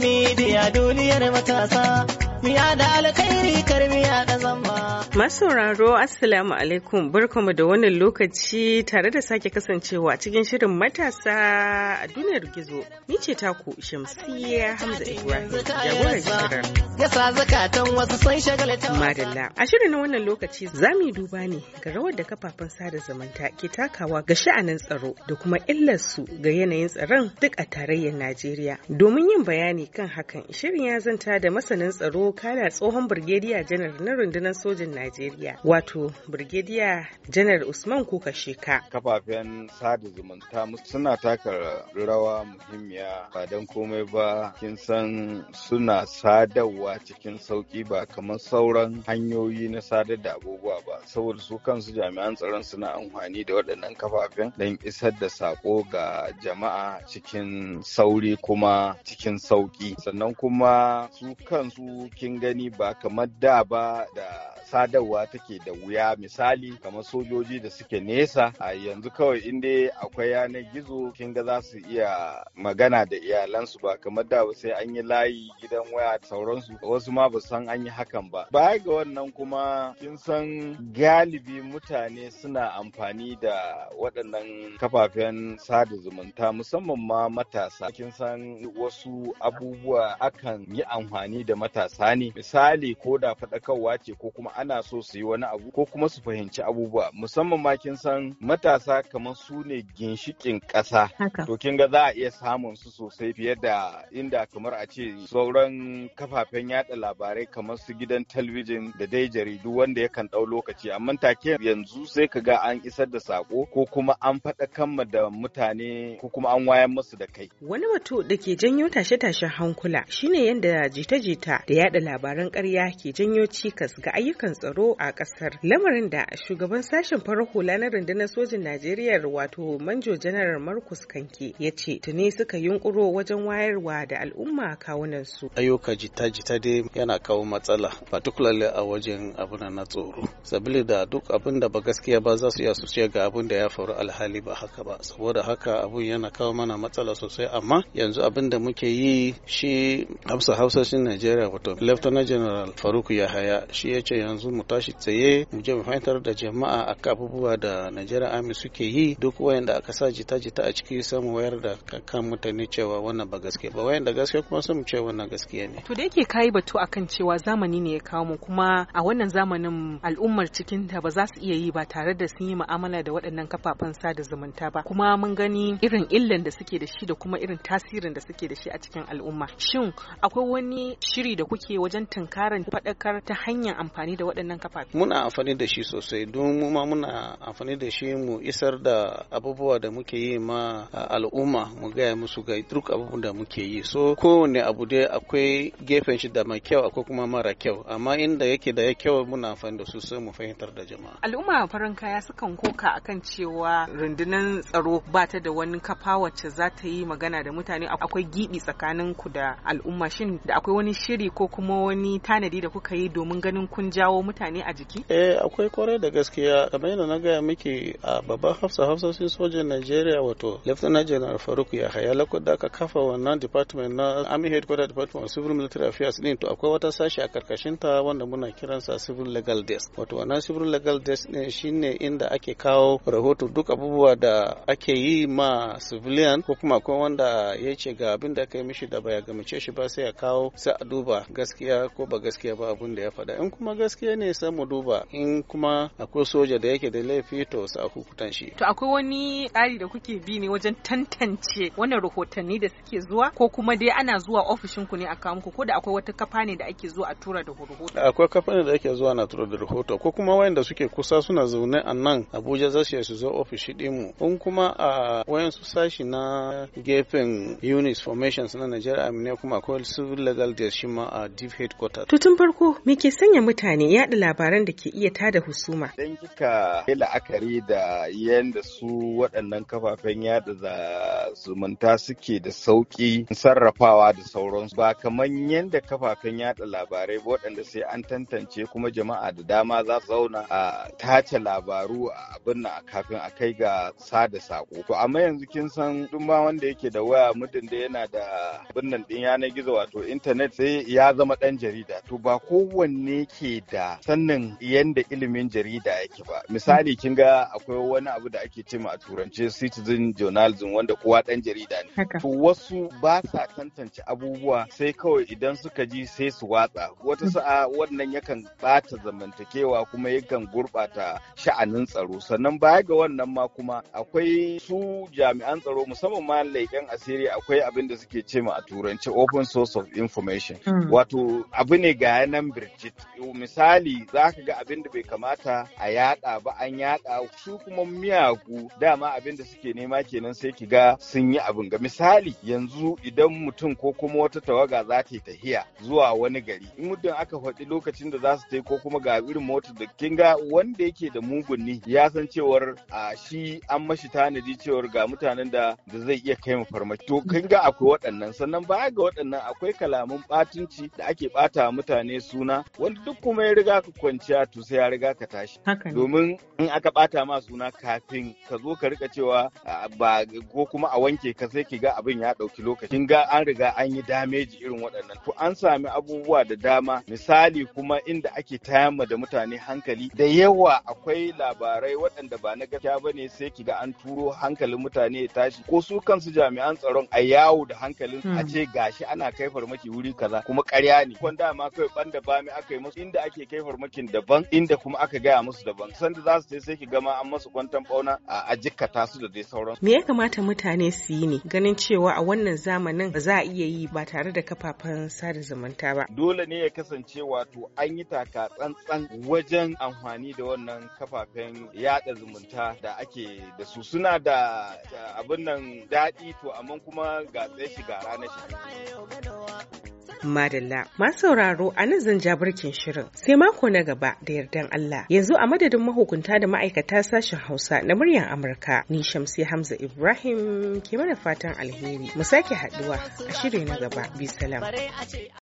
midiya duniyar matasa miya da alkhairi karmiya da zamba Masauraro Assalamu alaikum barkamu da wannan lokaci tare da sake kasancewa cikin shirin matasa a duniyar gizo. Ni ce taku Shamsiyya Hamza Ibrahim jagorar Madalla a shirin na wannan lokaci za mu yi duba ne ga rawar da kafafen sada zamanta ke takawa ga sha'anin tsaro da kuma illarsu ga yanayin tsaron duk a tarayyar Najeriya. Domin yin bayani kan hakan shirin ya zanta da masanin tsaro kala tsohon Birgediya janar na rundunar sojin Najeriya. Najeriya wato Brigadier Janar Usman Kuka Sheka. Kafafen sada zumunta suna taka rawa muhimmiya ba don komai ba kin san suna sadarwa cikin sauki ba kamar sauran hanyoyi na sadar da abubuwa ba saboda su kansu jami'an tsaron suna amfani da waɗannan kafafen don isar da sako ga jama'a cikin sauri kuma cikin sauki sannan kuma su kansu kin gani ba kamar da ba da sadarwa take da wuya misali kamar sojoji da suke nesa a yanzu kawai inda akwai yanar gizo kin ga za su iya magana da iyalansu ba kamar da sai an yi layi gidan waya da sauransu wasu ma ba san an yi hakan ba baya ga wannan kuma kin san galibi mutane suna amfani da waɗannan kafafen sada zumunta musamman ma matasa kin san wasu abubuwa akan yi amfani da matasa ne misali ko da faɗakarwa ce ko kuma ana so su yi wani abu ko kuma su fahimci abubuwa musamman ma kin san matasa kamar su ne ginshikin ƙasa to kin ga za a iya samun su sosai fiye da inda kamar a ce sauran kafafen yada labarai kamar su gidan talabijin da dai jaridu wanda yakan ɗau lokaci amma take yanzu sai ka ga an isar da sako ko kuma an faɗa da mutane ko kuma an wayan musu da kai wani wato da ke janyo tashe-tashen hankula shine yadda jita-jita da yada labaran ƙarya ke janyo cikas ga ayyukan ayyukan tsaro a kasar lamarin da shugaban sashen farar hula na rundunar sojin najeriya wato manjo janar markus kanke ya ce tuni suka yunkuro wajen wayarwa da al'umma kawunan su ayyuka jita-jita dai yana kawo matsala particularly a wajen abin na tsoro sabili da duk abin da ba gaskiya ba za su iya su ga abin da ya faru alhali ba haka ba saboda haka abun yana kawo mana matsala sosai amma yanzu abin da muke yi shi hausa hausashin najeriya wato lieutenant general faruk yahaya shi ya ce yanzu yanzu mu tashi tsaye mu je mu fahimtar da jama'a a abubuwa da Najeriya Army suke yi duk wayanda aka sa jita-jita a ciki sai mu wayar da kan mutane cewa wannan ba gaske ba wayanda gaske kuma sai mu ce wannan gaskiya ne. To da yake kai batu akan cewa zamani ne ya kawo mu kuma a wannan zamanin al'ummar cikin ta ba za su iya yi ba tare da sun yi mu'amala da waɗannan kafafen sada zumunta ba kuma mun gani irin illan da suke da shi da kuma irin tasirin da suke da shi a cikin al'umma. Shin akwai wani shiri da kuke wajen tunkaran faɗakar ta hanyar amfani da waɗannan kafafi? muna amfani da shi sosai don mu ma muna amfani da shi mu isar da abubuwa da muke yi ma al'umma mu gaya musu ga duk abubuwan da muke yi so kowane abu dai akwai gefen shi da mai kyau akwai kuma mara kyau amma inda yake da ya kyau muna amfani da su sai mu fahimtar da jama'a al'umma farin kaya sukan koka akan cewa rundunar tsaro ba ta da wani kafa wacce za ta yi magana da mutane akwai gibi tsakanin ku da al'umma shin da akwai wani shiri ko kuma wani tanadi da kuka yi domin ganin kun jawo kawo mutane a jiki? Eh akwai kwarai da gaskiya kamar yadda na gaya miki a babban hafsa hafsoshin sojan Najeriya wato Lieutenant General Faruk Yahaya lokacin da aka kafa wannan department na Army Headquarters Department of Civil Military Affairs din to akwai wata sashi a karkashin ta wanda muna kiransa Civil Legal Desk wato wannan Civil Legal Desk din shine inda ake kawo rahoto duk abubuwa da ake yi ma civilian ko kuma akwai wanda ya ce ga abin da aka yi mishi da baya gamace shi ba sai ya kawo sai a duba gaskiya ko ba gaskiya ba abin da ya faɗa in kuma gaskiya bincike ne sai mu duba in kuma akwai soja da yake da laifi to sa hukutan shi to akwai wani tsari da kuke bi ne wajen tantance wannan rahotanni da suke zuwa ko kuma dai ana zuwa ofishin ku ne a kawo muku ko da akwai wata kafa ne da ake zuwa a tura da rahoto akwai kafa ne da ake zuwa na tura da rahoto ko kuma wayanda suke kusa suna zaune a nan Abuja za su zo ofishi dinmu in kuma a wayan su sashi na gefen Unis Formations na Nigeria Amina kuma akwai civil legal desk shi ma a deep headquarters to tun farko me ke sanya mutane yada labaran da ke iya tada husuma. Dan kika yi la'akari da yadda su waɗannan kafafen yada da zumunta suke da sauƙi sarrafawa da sauransu ba kamar yadda kafafen yada labarai ba waɗanda sai an tantance kuma jama'a da dama za su zauna a tace labaru a abin a kafin a kai ga sada saƙo. To amma yanzu kin san duk ma wanda yake da waya muddin da yana da abin nan ɗin yanar gizo wato intanet sai ya zama ɗan jarida. To ba kowanne ke da Sannan sannin yadda ilimin jarida yake ba misali kin ga akwai wani abu da ake cema a turance citizen journalism wanda kowa dan jarida ne to wasu ba sa tantance abubuwa sai kawai idan suka ji sai su watsa wata mm. sa'a wannan yakan bata zamantakewa kuma yakan gurbata sha'anin tsaro sannan baya ga wannan ma kuma akwai su jami'an tsaro musamman ma laifin asiri akwai abin da suke cema a turance open source of information mm. wato abu ne ga yanan birjit misali za ka ga abin da bai kamata a yada ba an yada su kuma miyagu dama abin da suke nema kenan sai ki ga sun yi abin ga misali yanzu idan mutum ko kuma wata tawaga za ta yi tahiya zuwa wani gari in muddin aka faɗi lokacin da za su tai ko kuma ga irin mota da kin ga wanda yake da mugunni ya san cewar a shi an mashi tanadi cewar ga mutanen da da zai iya kai farmaki to kin ga akwai waɗannan sannan baya ga waɗannan akwai kalaman ɓatunci da ake ɓata mutane suna wanda duk kuma ya riga ka kwanciya to sai ya riga ka tashi domin in aka bata ma suna kafin ka zo ka rika cewa ba ko kuma a wanke ka sai ki ga abin ya dauki lokaci ga an riga an yi dameji irin waɗannan to an sami abubuwa da dama misali kuma inda ake tayamma da mutane hankali da yawa akwai labarai waɗanda ba na gaskiya bane sai ki ga an turo hankalin mutane ya tashi ko su kansu jami'an tsaron a yawo da hankalin a hmm. ce gashi ana kai farmaki wuri kaza kuma ƙarya ne kon dama kai banda bami aka yi musu inda ake da kai farmakin daban inda kuma aka gaya musu daban sanda za su sai ki gama an masu kwantan bauna a jikkata su da dai sauran me ya kamata mutane su yi ne ganin cewa a wannan zamanin ba za a iya yi ba tare da kafafen sada zumunta ba dole ne ya kasance wato an yi taka tsantsan wajen amfani da wannan kafafen yada zumunta da ake da su suna da abin nan daɗi to amma kuma ga tsaye shi ga ranar shi madalla ma sauraro a nan zan ja birkin shirin sai mako na gaba da yardan Allah yanzu a madadin mahukunta da ma'aikata sashen Hausa na muryar Amurka ni Shamsi Hamza Ibrahim ke mana fatan alheri mu sake haduwa a shiri na gaba bi salam